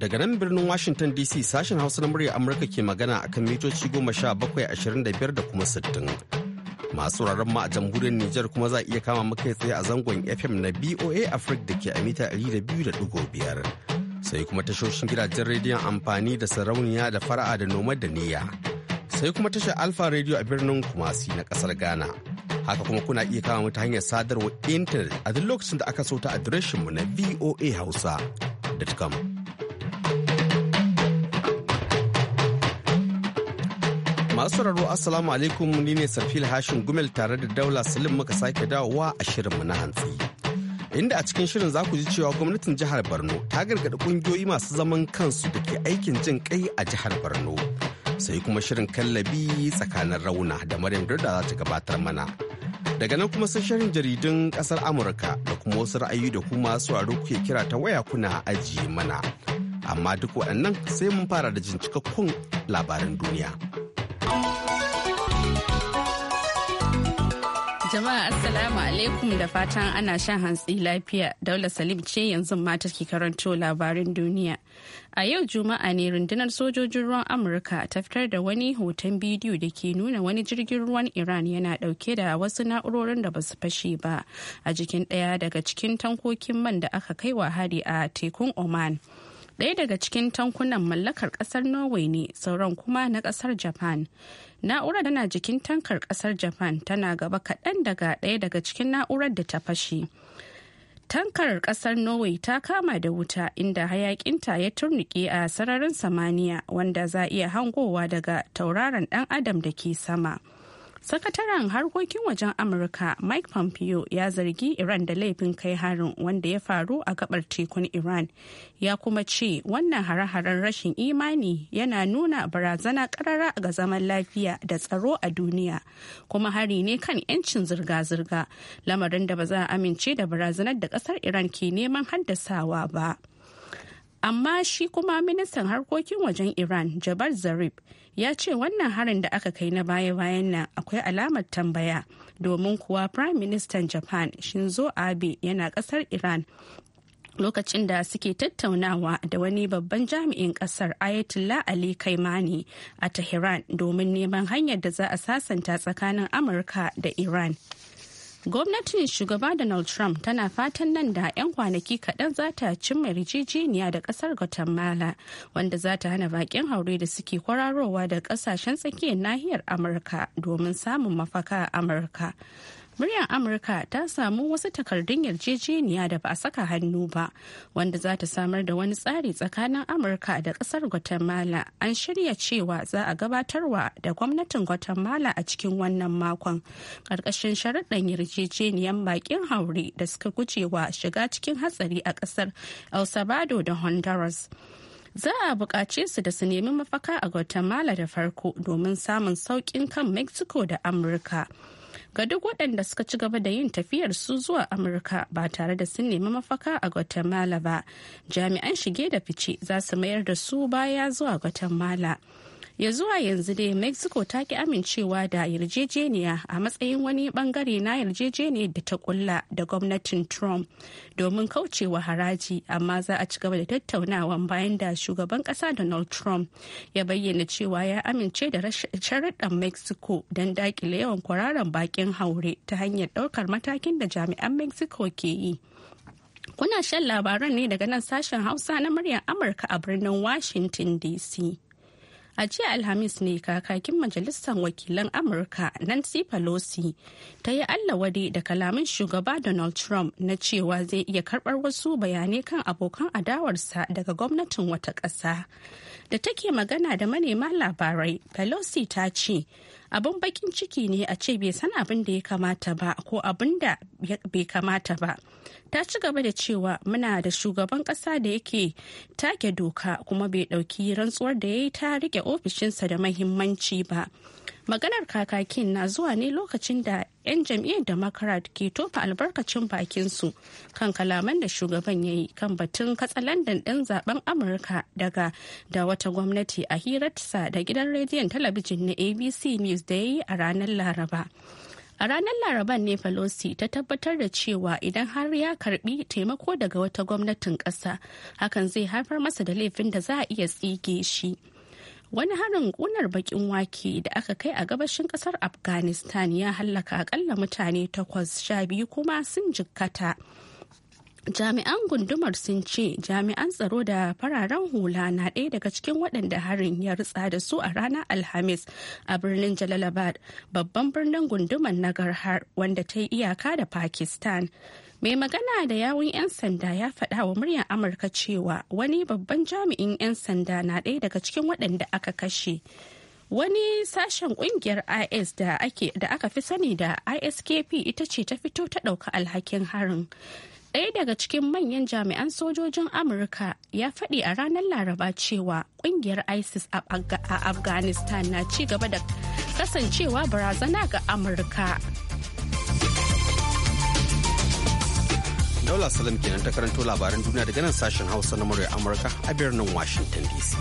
Daga nan birnin Washington DC sashen Hausa na murya Amurka ke magana akan mitoci goma sha bakwai ashirin da biyar da kuma sittin. Masu wuraren ma a jamhuriyar Nijar kuma za a iya kama maka tsaye a zangon FM na BOA Africa da ke a mita ɗari da biyu da ɗigo biyar. Sai kuma tashoshin gidajen rediyon amfani da sarauniya da fara'a da noma da niyya. Sai kuma tashar Alfa Radio a birnin Kumasi na kasar Ghana. haka kuma kuna iya kama mu ta hanyar sadarwa intanet a duk lokacin da aka so ta adireshinmu na voa hausa.com Masu sauraro Assalamu alaikum ni ne Sarfil hashin Gumel tare da Daula Salim muka sake dawowa a shirin mu na hantsi. Inda a cikin shirin za ku ji cewa gwamnatin jihar Borno ta gargaɗi ƙungiyoyi masu zaman kansu da ke aikin jin kai a jihar Borno. Sai kuma shirin kallabi tsakanin rauna da Maryam da za ta gabatar mana. Daga nan kuma sai shirin jaridun ƙasar Amurka da kuma wasu ra'ayi da kuma sauraro kuke kira ta waya kuna ajiye mana. Amma duk waɗannan sai mun fara da jin cikakkun labaran duniya. Jama'a Assalamu alaikum da fatan ana shan hantsi lafiya. Daula Salim ce yanzu mata ke karanto labarin duniya. A yau Juma'a ne rundunar sojojin ruwan Amurka ta fitar da wani hoton bidiyo da ke nuna wani jirgin ruwan Iran yana dauke da wasu na'urorin da ba su fashe ba a jikin ɗaya daga cikin tankokin man da aka kai wa hari a tekun Oman. ɗaya daga cikin tankunan mallakar ƙasar norway ne sauran kuma na ƙasar japan na'urar tana jikin tankar ƙasar japan tana gaba kaɗan daga ɗaya daga cikin na'urar da ta fashe tankar ƙasar norway ta kama da wuta inda hayaƙinta ya turnike a sararin samaniya wanda za iya hangowa daga tauraron ɗan adam da ke sama. sakataren harkokin wajen amurka mike pompeo ya zargi iran da laifin kai harin wanda ya faru a gabar tekun iran ya kuma ce wannan hare-haren rashin imani yana nuna barazana karara ga zaman lafiya da tsaro a duniya kuma hari ne kan 'yancin zirga-zirga lamarin da ba za a amince da barazanar da kasar iran ke neman haddasawa ba amma shi kuma ministan harkokin wajen iran jabar zarif ya ce wannan harin da aka kai na baya-bayan nan akwai alamar tambaya domin kuwa prime minister japan shinzo abe yana kasar iran lokacin da suke tattaunawa da wani babban jami'in kasar ayatollah ali kaimani a tehran domin neman hanyar da za a sasanta tsakanin amurka da iran gwamnatin shugaba donald trump tana fatan nan da 'yan kwanaki kaɗan za ta cimma yarjejeniya da ƙasar guatemala wanda za ta hana baƙin haure da suke kwararowa da ƙasashen tsakiyar nahiyar amurka domin samun mafaka a amurka muryar amurka ta samu wasu takardun yarjejeniya da ba a saka hannu ba wanda za ta samar da wani tsari tsakanin amurka da kasar guatemala an shirya cewa za a gabatarwa da gwamnatin guatemala a cikin wannan makon ƙarƙashin sharaɗin yarjejeniyan bakin haure da suka gujewa shiga cikin hatsari a kasar el sabado da honduras za a buƙace su da su nemi mafaka a guatemala da farko domin samun sauƙin kan mexico da amurka ga duk waɗanda suka ci gaba da yin tafiyar su zuwa amurka ba tare da sun nemi mafaka a guatemala ba jami'an shige da fice za su mayar da su baya zuwa guatemala ya zuwa yanzu dai mexico ta ki amincewa da yarjejeniya a matsayin wani bangare na yarjejeniya da ta kulla da gwamnatin trump domin kaucewa haraji amma za a ci gaba da tattaunawan bayan da shugaban kasa donald trump ya bayyana cewa ya amince da sharaɗin mexico don dakile yawan kwararan bakin haure ta hanyar ɗaukar matakin da jami'an mexico ke yi kuna shan labaran ne daga nan sashen hausa na muryar amurka a birnin washington dc a jiya alhamis ne kakakin majalisar wakilan amurka nancy pelosi ta yi allawadi da kalamin shugaba donald trump na cewa zai iya karbar wasu bayanai kan abokan adawarsa daga gwamnatin wata ƙasa da take magana da manema labarai pelosi ta ce abin bakin ciki ne a ce bai san abin da ya kamata ba ko abin da bai kamata ba ta ci gaba da cewa muna da shugaban kasa da yake take doka kuma bai dauki rantsuwar da ya yi ta rike ofishinsa da mahimmanci ba maganar kakakin na zuwa ne lokacin da 'yan jam'iyyar democrat ke tofa albarkacin bakinsu kan kalaman da shugaban ya yi kan batun katsalandan ɗin zaben amurka daga da wata gwamnati a hirarsa da gidan rediyon talabijin na abc news da ya yi a ranar laraba A ranar Laraban ne Pelosi ta tabbatar da cewa idan har ya karbi taimako daga wata gwamnatin ƙasa hakan zai haifar masa da laifin da za a iya tsige shi. Wani harin ƙunar bakin wake da aka kai a gabashin ƙasar Afghanistan ya hallaka akalla mutane takwas sha biyu kuma sun jikkata. jami'an gundumar sun ce jami'an tsaro da fararen hula na ɗaya daga cikin waɗanda harin ya rutsa da su a ranar alhamis a birnin jalalabad babban birnin gundumar nagarhar wanda ta yi iyaka da pakistan mai magana da yawun 'yan sanda ya faɗa wa muryar amurka cewa wani babban jami'in 'yan sanda na ɗaya daga cikin waɗanda aka kashe wani sashen kungiyar is da aka fi sani da iskp ita ce ta fito ta ɗauka alhakin harin ɗaya daga cikin manyan jami'an sojojin amurka ya faɗi a ranar laraba cewa ƙungiyar isis a afghanistan na ci gaba da kasancewa barazana ga amurka daula salam kenan ta karanto labaran duniya daga nan sashen hausa na murya amurka a birnin washington dc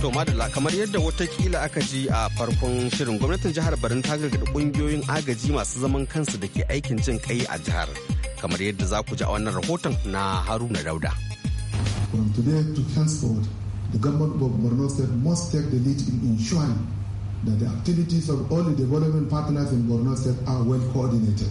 To madalla kamar yadda watakila aka ji a farkon shirin gwamnatin jihar Barin ta gargaɗi ƙungiyoyin agaji masu zaman kansu da ke aikin jin kai a jihar. Kamar yadda za ku ji a wannan rahoton na Haruna Dauda. From today to henceforth, the government of Borno State must take the lead in ensuring that the activities of all the development partners in Borno State are well coordinated.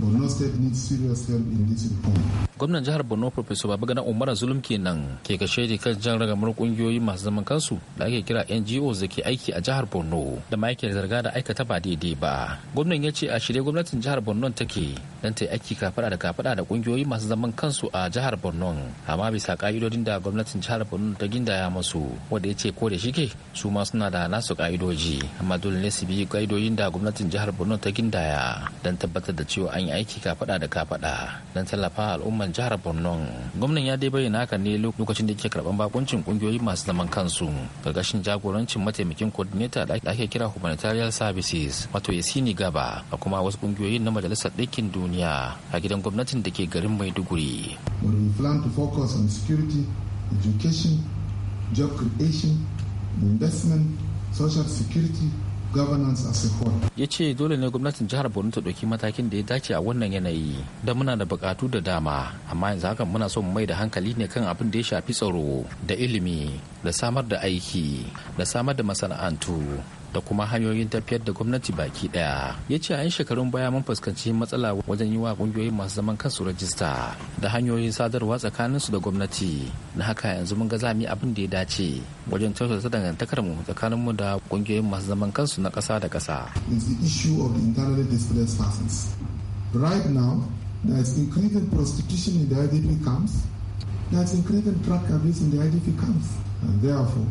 Borno State needs serious help in this reform. gwamnan jihar borno professor babagana umara zulum kenan ke kashe da kan jan ragamar kungiyoyi masu zaman kansu da ake kira ngos da ke aiki a jihar borno da ma yake zarga da aikata ba daidai ba gwamnan ya ce a shirye gwamnatin jihar borno ke don ta yi aiki kafada da kafada da kungiyoyi masu zaman kansu a jihar borno amma bisa ka'idodin da gwamnatin jihar borno ta gindaya masu wanda ya ce ko da shike su ma suna da nasu ka'idoji amma dole ne su bi ka'idodin da gwamnatin jihar borno ta gindaya don tabbatar da cewa an yi aiki kafada da kafada don tallafa al'ummar jihar borno gwamnan ya dai bayyana haka ne lokacin da yake karban bakuncin kungiyoyi masu zaman kansu gargashin jagorancin mataimakin coordinator da ake kira humanitarian services wato ya yasini gaba a kuma wasu ƙungiyoyi na majalisar ɗinkin duniya a gidan gwamnatin da ke garin maiduguri focus on security education job creation investment social security Ya ce dole ne gwamnatin jihar Borno ta ɗauki matakin da ya dace a wannan yanayi da muna da buƙatu da dama amma yanzu hakan muna son mai da hankali ne kan abin da ya shafi tsaro da ilimi da samar da aiki da samar da masana'antu da kuma hanyoyin tafiyar da gwamnati baki daya ya ce a yan shekarun baya mun fuskanci matsala wajen yi wa kungiyoyin masu zaman kansu rajista da hanyoyin sadarwa tsakanin su da gwamnati na haka yanzu mun ga zami abin da ya dace wajen tausasa dangantakar mu tsakanin mu da kungiyoyin masu zaman kansu na kasa da kasa Right now, there is increasing prostitution in the IDP camps. There is increasing drug abuse in the camps. And therefore,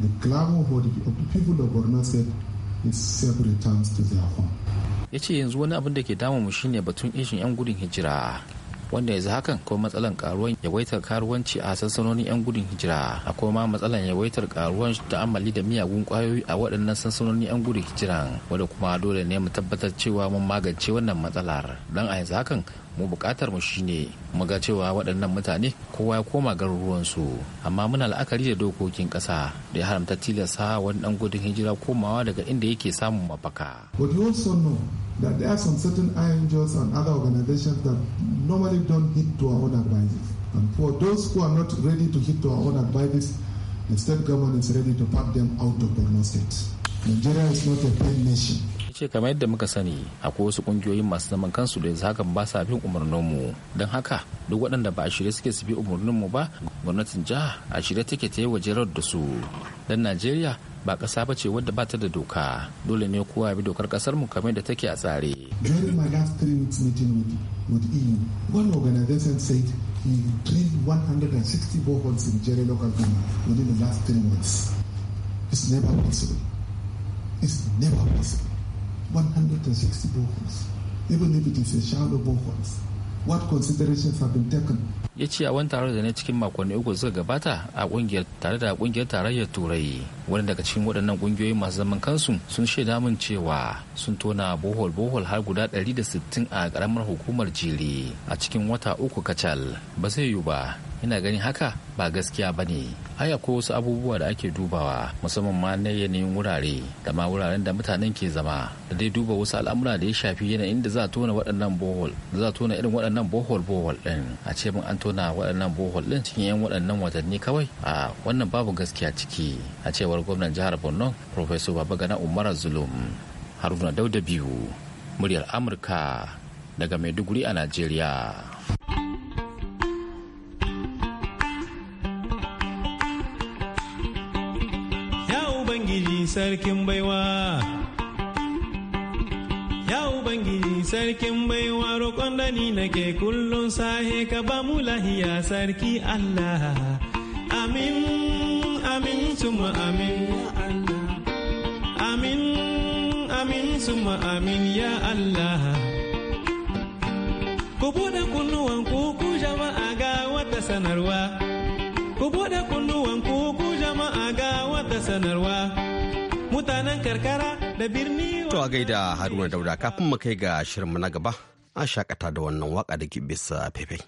The clamor for the, of the people of Borno State is safe returns to their home. ya ce yanzu wani abin da ke damu mu shine batun ishin 'yan gudun hijira wanda yanzu hakan ko matsalan karuwan yawaitar karuwanci a sansanonin 'yan gudun hijira akwai ma matsalan yawaitar karuwan ta'ammali da miyagun kwayoyi a waɗannan sansanonin 'yan gudun hijira wanda kuma dole ne mu tabbatar cewa mun magance wannan matsalar dan a yanzu hakan mu bukatar mu shine mu ga cewa waɗannan mutane kowa ya koma garuruwansu amma muna la'akari da dokokin ƙasa da ya haramta tilasta wani ɗan gudun hijira komawa daga inda yake samun mafaka. that there are some certain angels and other organizations that normally don't hit to our own advices. And for those who are not ready to hit to our own advices, the state government is ready to pack them out of the State. Nigeria is not a paid nation. ce kamar yadda muka sani akwai wasu kungiyoyin masu zaman kansu da yanzu hakan ba sa bin umarninmu don haka duk waɗanda ba a shirye suke su bi umarninmu ba gwamnatin jiha a shirye take ta yi wajerar da su dan najeriya ba ƙasa ba ce wadda ba ta da doka dole ne kowa bi dokar ƙasar mu kamar da take a tsare. During my last three weeks meeting with, with EU, one organization said he drilled 160 boreholes in Jerry local government within the last three months. It's never possible. It's never possible. 160 boreholes. Even if it is a shallow boreholes. what considerations have been taken ya ce a wani taron da ne cikin makonni uku suka gabata a kungiyar tare da kungiyar tarayyar turai wani daga cikin waɗannan kungiyoyi masu zaman kansu sun shaida min cewa sun tona bohol bohol har guda 160 a karamar hukumar jere a cikin wata uku kacal ba zai yiwu ba ina ganin haka ba gaskiya ba ne haya ko wasu abubuwa da ake dubawa musamman ma na yanayin wurare da ma wuraren da mutanen ke zama da dai duba wasu al'amura da ya shafi yanayin da za a tona waɗannan bohol da za tona irin waɗannan bohol bohol ɗin a ce mun an tona waɗannan bohol ɗin cikin yan waɗannan watanni kawai a wannan babu gaskiya ciki a cewar gwamnan jihar borno professor gana umar zulum haruna dauda biyu muryar amurka daga maiduguri a najeriya sarkin baiwa. Ya Ubangiji sarkin baiwa roƙon da ni nake kullum sahe ka ba mu lahiya sarki Allah. Amin, amin, suma amin, Allah. Amin, amin, suma amin, ya Allah. Ku buɗe kunnuwan ku ku jama'a ga wata sanarwa. Ku buɗe kunnuwan ku ku jama'a ga wata sanarwa. nan karkara da birni to a gaida haruna dauda kafin mu kai ga shirinmu na gaba an shakata da wannan waka da ke bisa fefe.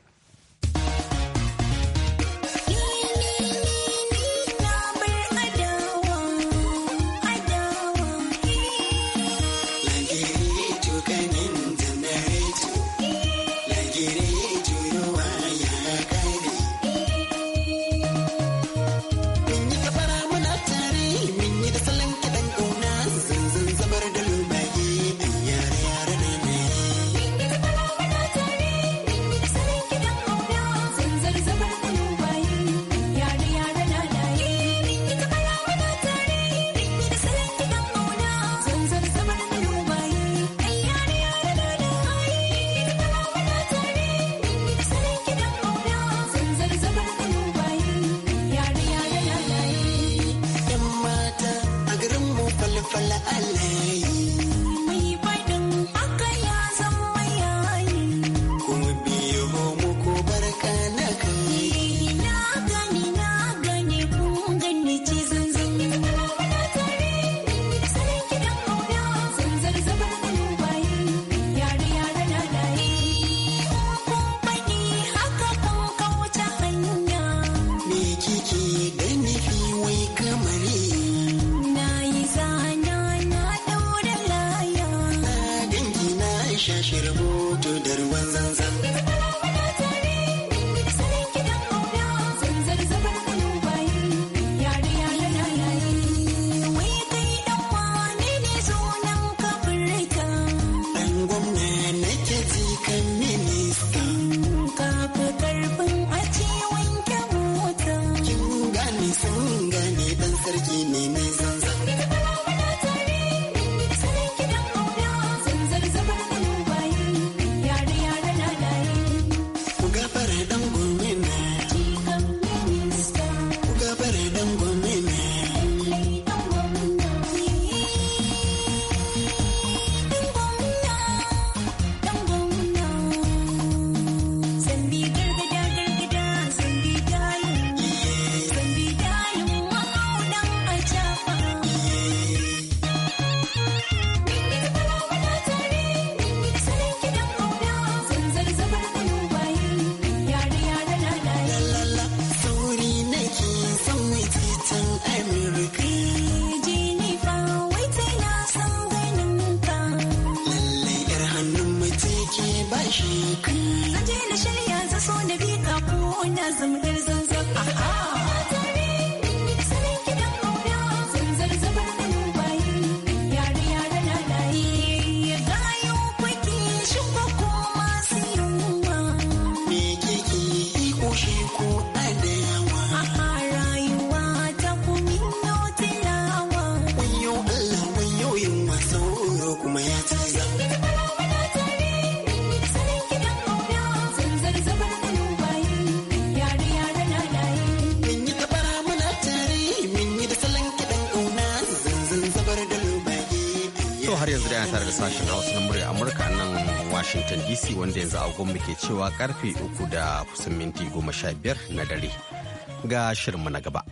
sashen hausa na murya amurka nan washington dc wanda yanzu agonmu ke cewa karfe uku da kusan minti goma sha biyar na dare ga shirinmu na gaba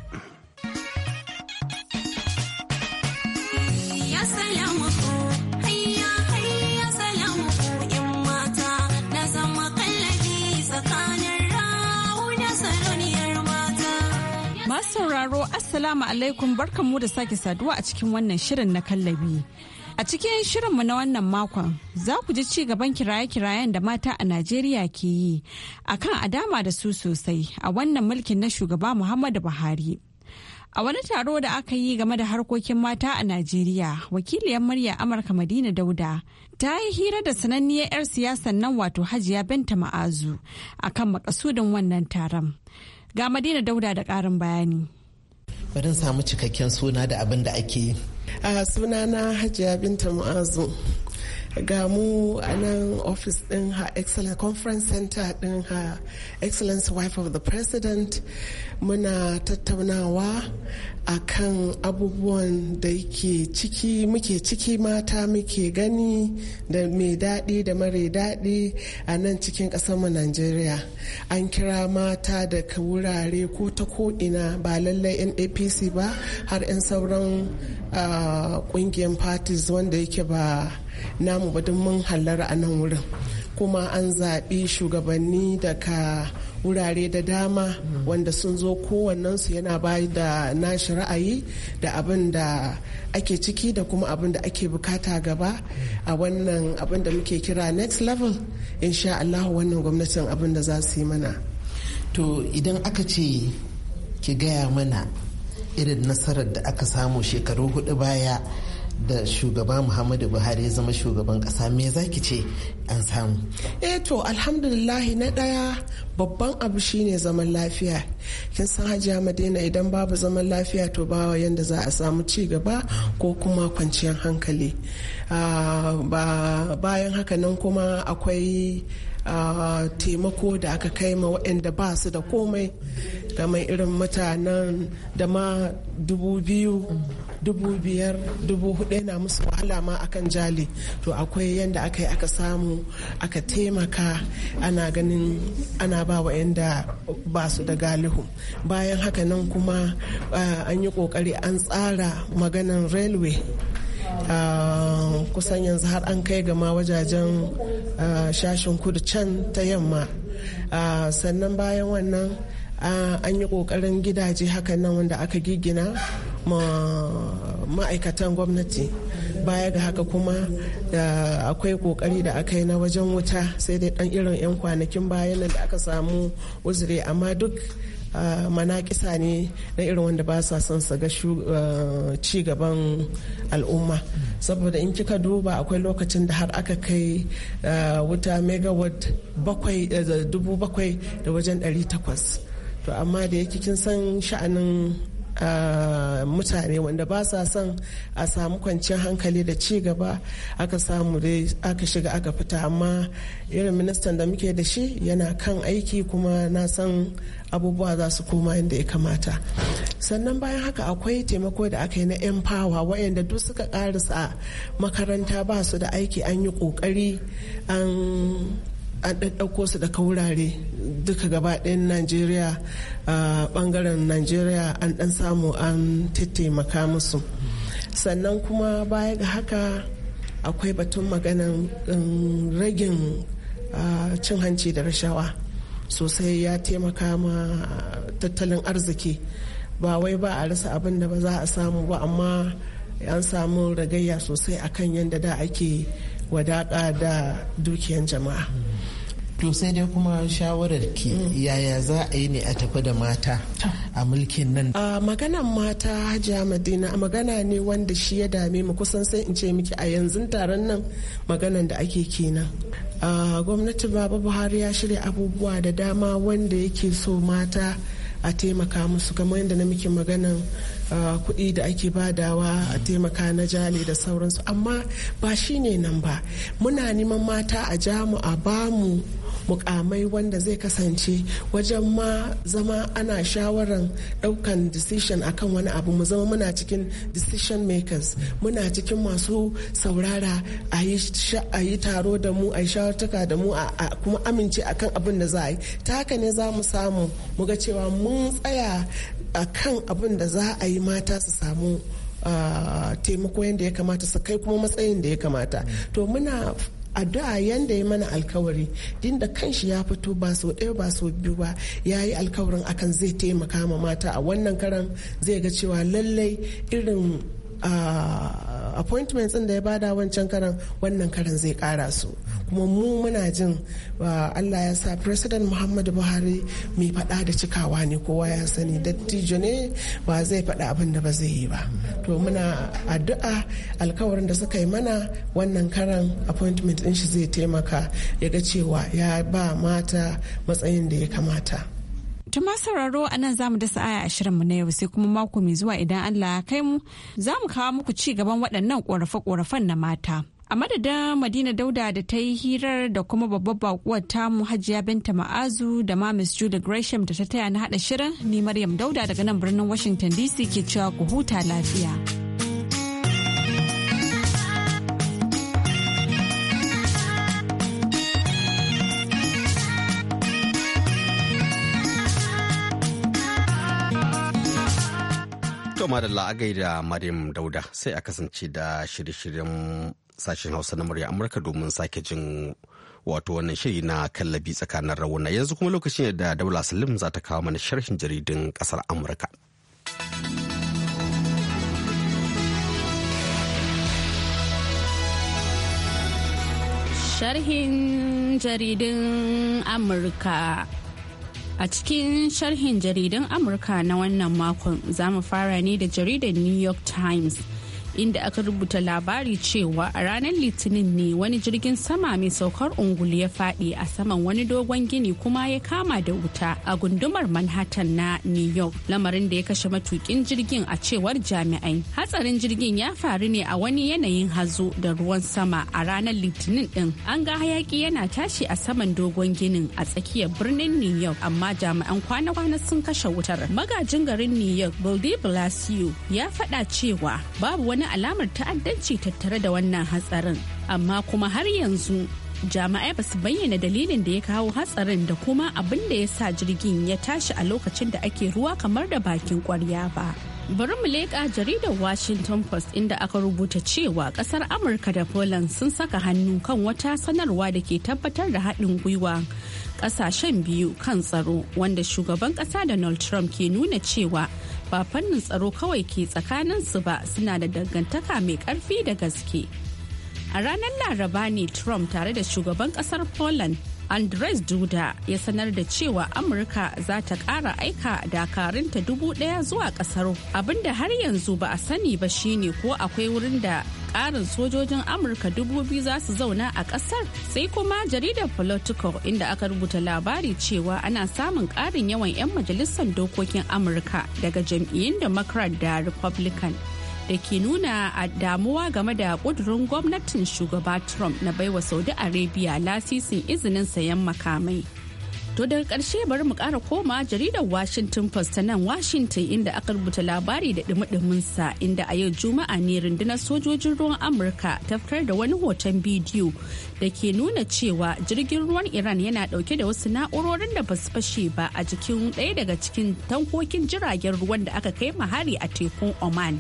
sauraro assalamu alaikum barkanmu da sake saduwa a cikin wannan shirin na kallabi A cikin shirinmu na wannan makon za ku ji ci gaban kiraye-kirayen da mata a Najeriya ke yi akan a dama da su sosai a wannan mulkin na shugaba Muhammadu Buhari. A wani taro da aka yi game da harkokin mata a Najeriya, wakiliyar murya Amurka Madina Dauda ta yi hira da sananniyar 'yar siyasan nan wato Hajiya Binta Ma'azu a kan makasudin wannan taron. Ga Madina Dauda da ƙarin bayani. bari samu cikakken suna da abin da ake yi a sunana hajiya binta mu'azu ga mu a nan office din ha excellence conference center din ha excellence wife of the president muna tattaunawa a kan abubuwan da yake ciki muke ciki mata muke gani da mai daɗi da mare daɗi a nan cikin mu nigeria an kira mata daga wurare ko ta ko'ina ba lallai yan apc ba har 'yan sauran ah, ƙungiyar parties wanda yake ba namu ba don mun hallara a nan wurin kuma an zaɓi shugabanni daga wurare da dama wanda sun zo kowannensu yana bayi da nashi ra'ayi da abin da ake ciki da kuma abin da ake bukata gaba a wannan abin da muke kira next level insha Allah wannan gwamnatin abin da za su yi mana to idan aka ce ki gaya mana irin nasarar da aka samu shekaru hudu baya da shugaba muhammadu buhari ya zama shugaban kasa me zaki ce an samu eh to alhamdulillahi na daya babban abu shine zaman lafiya kin san hajiya madina idan babu zaman lafiya to ba yanda za a samu ci gaba ko kuma kwanciyar hankali ah, bayan haka nan kuma akwai Uh, taimako da aka kai ma waɗanda ba su da komai kamar irin mutanen da ma dubu biyu dubu biyar dubu hudu yana musu wahala ma akan jali to akwai yadda aka yi aka samu aka taimaka ana ganin ana ba wa yadda ba su da galihu bayan haka nan kuma ah, an yi kokari an tsara maganan railway ah, kusan yanzu har an kai gama wajajen ah, shashin kudu can ta yamma sannan bayan wannan an yi kokarin gidaje hakan nan wanda aka gigina ma'aikatan gwamnati baya ga haka kuma da akwai kokari da aka yi na wajen wuta sai dai dan irin 'yan kwanakin bayan nan da aka samu uzure amma duk mana manakisa ne na irin wanda ba sa son su ga ci gaban al'umma saboda in kika duba akwai lokacin da har aka kai wuta megawatt eh, dubu bakwai da wajen 800 to amma da yake kin san sha'anin mutane wanda ba sa son a samu kwanciyar hankali da ci gaba aka samu dai aka shiga aka fita amma irin ministan da muke da shi yana kan aiki kuma na san abubuwa za su koma inda ya kamata sannan bayan haka akwai taimako da aka yi na empower wayanda duk suka karisa makaranta ba su da aiki an yi kokari an an ɗaɗɗauko su daga wurare duka gaba ɗayan najeriya ɓangaren najeriya an ɗan samu an taimaka musu sannan kuma baya ga haka akwai batun maganan um, ragin cin hanci da rashawa sosai ya taimaka ma tattalin arziki ba wai ba a rasa abin da ba za a samu ba amma an samu ragayya sosai akan yadda da ake wadaƙa da dukiyan jama'a to sai dai kuma shawarar ki mm. yaya za a yi ne a tafi da mata a mulkin nan a maganan mata hajiya madina magana ne wanda shi ya dame mu kusan sai in ce miki a yanzu taron nan maganan da ake kenan gwamnati baba buhari ya shirya abubuwa da dama wanda yake so mata a taimaka musu kamar yadda na muke maganan kuɗi da ake badawa a taimaka na jale da sauransu amma ba shi ne nan ba muna neman mata a jamu a bamu mukamai wanda zai kasance wajen ma zama ana shawaran daukan decision akan wani abu mu zama muna cikin decision makers muna cikin masu saurara a yi taro da mu a yi shawartaka da mu a kuma amince akan abin da za a yi ta haka ne za mu samu mu ga cewa mun tsaya akan abin da za a yi mata su samu ah, taimako yadda ya kamata su kai kuma matsayin da ya kamata to muna addu'a yanda ya mana alkawari din da kanshi ya fito ba sau ɗaya ba so biyu ba ya yi alkawarin akan zai taimaka ma mata a wannan karan zai ga cewa lallai irin appointments ɗin da ya bada wancan karan wannan karan zai kara su kuma mu muna jin allah ya sa president muhammadu buhari mai fada da cikawa ne kowa ya sani dattijo ne ba zai fada abin da ba zai yi ba to muna addu'a alkawarin da suka yi mana wannan karan appointment ɗin shi zai taimaka ya ga cewa ya ba mata matsayin da ya kamata Tuma sauraro a nan za mu dasa aya shirin mu na yau sai kuma mako mai zuwa idan Allah ya kai mu za mu kawo muku ci gaban waɗannan ƙorafe-ƙorafen na mata. A madadin Madina Dauda da ta yi hirar da kuma babbar bakuwar mu Hajiya Binta Ma'azu da ma Miss Julie Gresham da ta taya na haɗa shirin ni Maryam Dauda daga nan birnin Washington DC ke cewa ku huta lafiya. da la'agai da Maryam Dauda sai a kasance da shirye-shiryen sashen Hausa na murya Amurka domin sake jin wato wannan shiri na kallabi tsakanin rawuna yanzu kuma lokacin da Daula Salim za ta kawo mana sharhin jaridun kasar Amurka. Sharhin jaridun Amurka. A cikin sharhin jaridun Amurka na wannan makon za mu fara ne da jaridar New York Times inda aka rubuta labari cewa a ranar litinin ne wani jirgin sama mai saukar ungulu ya faɗi a saman wani dogon gini kuma ya kama da wuta a gundumar manhattan na new york lamarin da ya kashe matukin jirgin a cewar jami'ai hatsarin jirgin ya faru ne a wani yanayin hazo da ruwan sama a ranar litinin din an ga hayaki yana tashi a saman dogon ginin a tsakiyar birnin new york amma jami'an kwana-kwana sun kashe wutar magajin garin new york bill de ya faɗa cewa babu wani wani alamar ta'addanci tattare da wannan hatsarin amma kuma har yanzu jami'ai ba su bayyana dalilin da ya kawo hatsarin da kuma abin da ya sa jirgin ya tashi a lokacin da ake ruwa kamar da bakin kwarya ba bari mu leƙa jaridar washington post inda aka rubuta cewa ƙasar amurka da poland sun saka hannu kan wata sanarwa da ke tabbatar da haɗin gwiwa ƙasashen biyu kan tsaro wanda shugaban ƙasa donald trump ke nuna cewa ba fannin tsaro kawai ke tsakaninsu ba suna da dangantaka mai karfi da gaske. A ranar Laraba ne Trump tare da shugaban kasar Poland andres duda ya sanar da cewa amurka za ta kara aika dakarunta dubu daya zuwa ƙasar abinda har yanzu ba a sani ba shine ko akwai wurin da karin sojojin amurka dubu biyu za su zauna a kasar sai kuma jaridar politico inda aka rubuta labari cewa ana samun karin yawan 'yan majalisar dokokin amurka daga jam'iyyun democrat da republican da ke nuna a damuwa game da kudurin gwamnatin shugaba Trump na baiwa Saudi Arabia lasisin izinin sayan makamai. To daga karshe bari mu kara koma jaridar Washington Post ta nan Washington inda aka rubuta labari da dumi sa inda a yau Juma'a ne rundunar sojojin ruwan Amurka ta da wani hoton bidiyo da ke nuna cewa jirgin ruwan Iran yana dauke da wasu na'urorin da basu fashe ba a jikin ɗaya daga cikin tankokin jiragen ruwan da aka kai mahari a tekun Oman.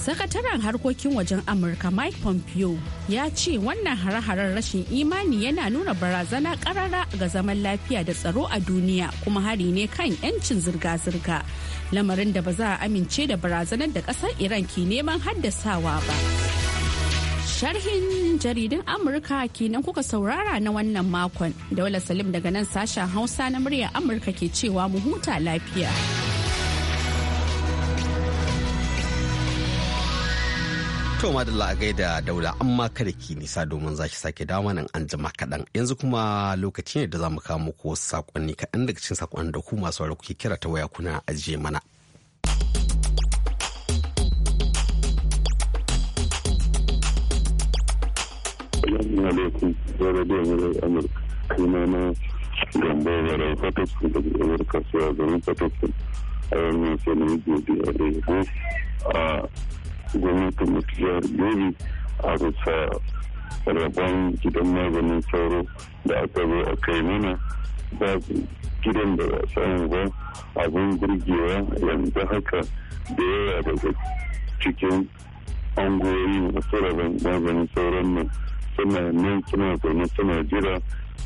sakataren harkokin wajen amurka mike pompeo ya ce wannan hare-haren rashin imani yana nuna barazana karara ga zaman lafiya da tsaro a duniya kuma hari ne kan 'yancin zirga-zirga lamarin da ba za a amince da barazanar da kasar iran ke neman haddasawa ba sharhin jaridun amurka kenan kuka saurara na wannan makon dole salim daga nan sashen hausa na muryar amurka ke cewa mu huta lafiya. To da a gaida daula amma kada ki nisa domin zaki sake dawo nan an jima kaɗan yanzu kuma lokaci ne da za mu kawo muku wasu saƙonni kaɗan daga cikin saƙonni da ku masu wara kuke kira ta waya kuna ajiye mana. Assalamu alaikum, kasuwa gwamnatin jihar yobe a rusa rabon gidan maganin sauro da aka zo a kai mana ba gidan da ba samu ba abin burgewa yanzu haka da yawa daga cikin angoyi masu rabon maganin sauran nan suna nan suna zaune suna jira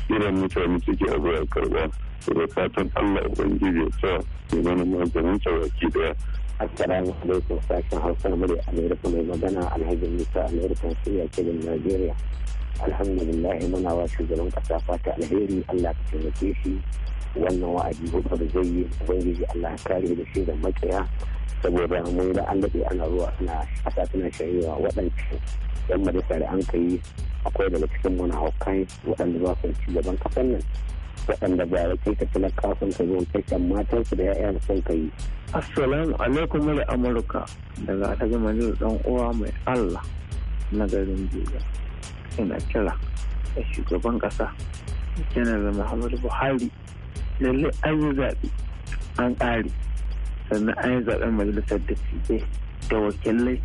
irin mutane suke abu a karba da fatan allah ubangiji ya sa ya mana maganin sa baki daya Assalamu alaikum sashen Hausa murya Amerika mai magana Alhaji Musa Amerika Siriya kirin Najeriya. Alhamdulillah muna wa shugaban kasa fata alheri Allah ka taimake shi wannan wa'adi hukumar zai yi ubangiji Allah kare da shi da makiya saboda mun da an daɗe ana ruwa ana ƙasa tana shari'a waɗancan yan majalisar an ka yi akwai daga cikin muna haukai waɗanda ba su ci gaban ƙasar nan waɗanda ba ya kai ka talaka sun ka zo kai kan matansu da 'ya'yan sun ka yi Assalamu alaikum wa Amurka daga ta gama dan uwa mai Allah na garin Jiya. Ina kira da shugaban ƙasa da Muhammadu Buhari lalle an yi zaɓe an ƙare sannan an yi zaɓen majalisar dattijai da wakilai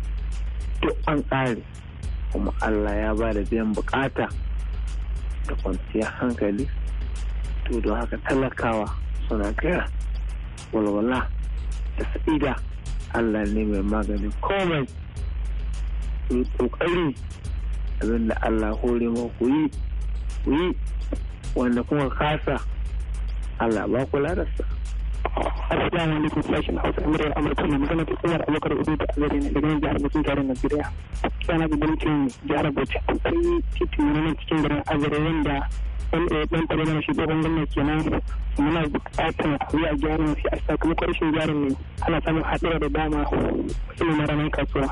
duk an ƙari, kuma Allah ya ba da biyan buƙata da kwanciyar hankali to don haka talakawa suna kira walwala da sa'ida allah ne mai maganin komai yi kokari abin da allah hore ma ku yi wanda kuma kasa allah ba ku ladarsa Assalamu alaikum sashen Hausa Amurka Amurka mai magana da tsayar abokar udu da azare ne daga jihar Bauchi Najeriya. da jihar Bauchi nan cikin garin azare wanda wanda tare da shi kenan muna buƙatar a yi a gyaran shi a sakamakon rashin gyaran ne ana samun haɗura da dama kasuwa.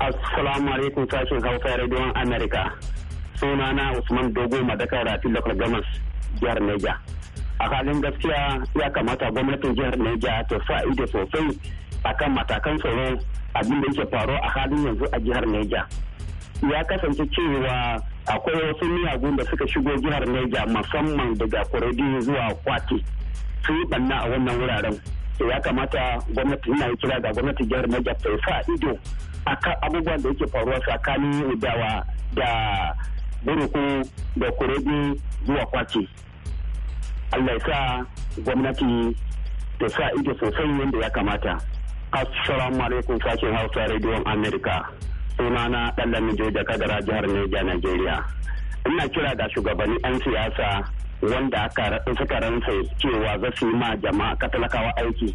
Assalamu alaikum sashin Hausa Rediyon Amurka. Sunana Usman Dogo Madaka Rafi Lokal Gamas jihar Niger. a halin gaskiya ya kamata gwamnatin jihar Niger ta sa ido sosai akan matakan tsaro abin da yake faro a halin yanzu a jihar Niger. Ya kasance cewa akwai wasu miyagun da suka shigo jihar Niger musamman daga Kuredi zuwa Kwati su yi banna a wannan wuraren. Ya kamata gwamnati na kira ga gwamnatin jihar Niger ta sa ido akan abubuwan da yake faruwa tsakanin Udawa da Buruku da Kuredi zuwa Kwati. Allah ya sa gwamnati ta sa ido sosai yadda ya kamata. Assalamu alaikum sashen Hausa Radio America. na Ɗan Mijo da Kadara jihar Neja, Najeriya. Ina kira ga shugabanni 'yan siyasa wanda suka ransa cewa za su yi ma jama'a katalakawa aiki.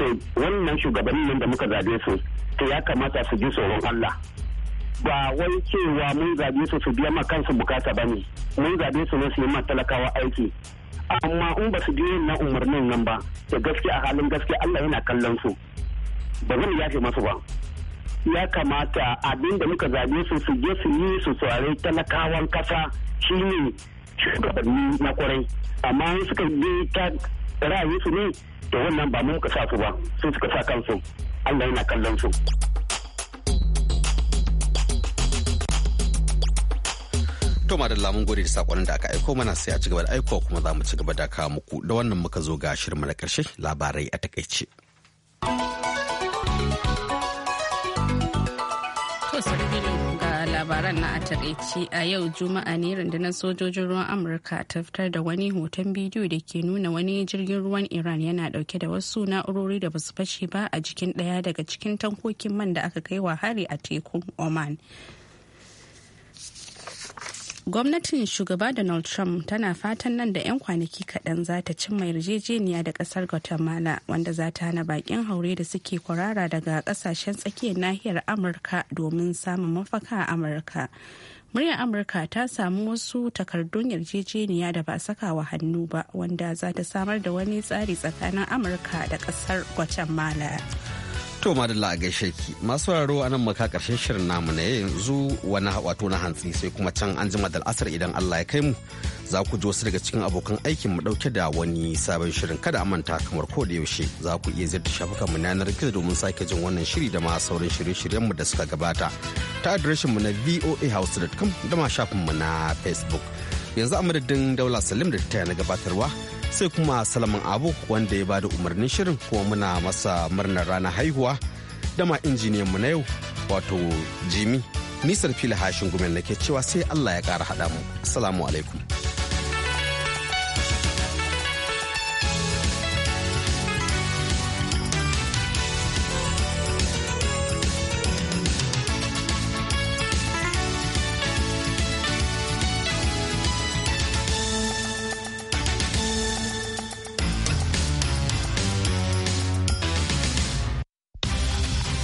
To wannan shugabannin da muka zabe su, to ya kamata su ji tsoron Allah. ba wai cewa mun zabe su su biya ma kansu bukata ba ne mun zabe su ne su yi ma talakawa aiki amma in ba su je yin na umarnin nan ba da gaske a halin gaske Allah yana kallon su ba zan ce masu ba ya kamata abinda muka zabe su su je su yi su saurari talakawan kasa shine shugabanni na kwarai amma in suka je ta ra'ayi su ne to wannan ba mu muka sa su ba sun suka sa kansu Allah yana kallon su. To da lamun gode da sakonin da aka aiko mana sai a ci gaba da aiko kuma za mu ci gaba da kawo muku da wannan muka zo ga shirin na karshe labarai a takaice. labaran na a takaici a yau juma'a ne rundunar sojojin ruwan amurka ta fitar da wani hoton bidiyo da ke nuna wani jirgin ruwan iran yana dauke da wasu na'urori da basu fashe ba a jikin daya daga cikin tankokin man da aka kai wa hari a tekun oman gwamnatin shugaba donald trump tana fatan nan da 'yan kwanaki kaɗan za ta cimma yarjejeniya da ƙasar guatemala wanda za ta hana bakin haure da suke kwarara daga ƙasashen tsakiyar nahiyar amurka domin samun mafaka a amurka muryar amurka ta samu wasu takardun yarjejeniya da ba a saka wa hannu ba wanda za ta samar da wani tsari tsakanin amurka da ƙasar guatemala To madalla a gaishe ki masu raro anan maka karshen shirin namu na yanzu wani wato na hantsi sai kuma can an jima da asar idan Allah ya kai mu za ku ji wasu daga cikin abokan aikin mu dauke da wani sabon shirin kada a manta kamar ko da yaushe za ku iya ziyarta shafukan mu na yanar gizo domin sake jin wannan shiri da ma sauran shirye-shiryen mu da suka gabata ta adireshin mu na voahouse.com da ma shafin mu na Facebook yanzu a madadin Daula Salim da ta na gabatarwa sai kuma salamin Abu wanda ya ba da umarnin shirin kuma muna masa murnar ranar haihuwa da ma injiniyan mu na yau wato jimi Nisar fili hashin gumel nake cewa sai Allah ya kara haɗa mu. Assalamu alaikum.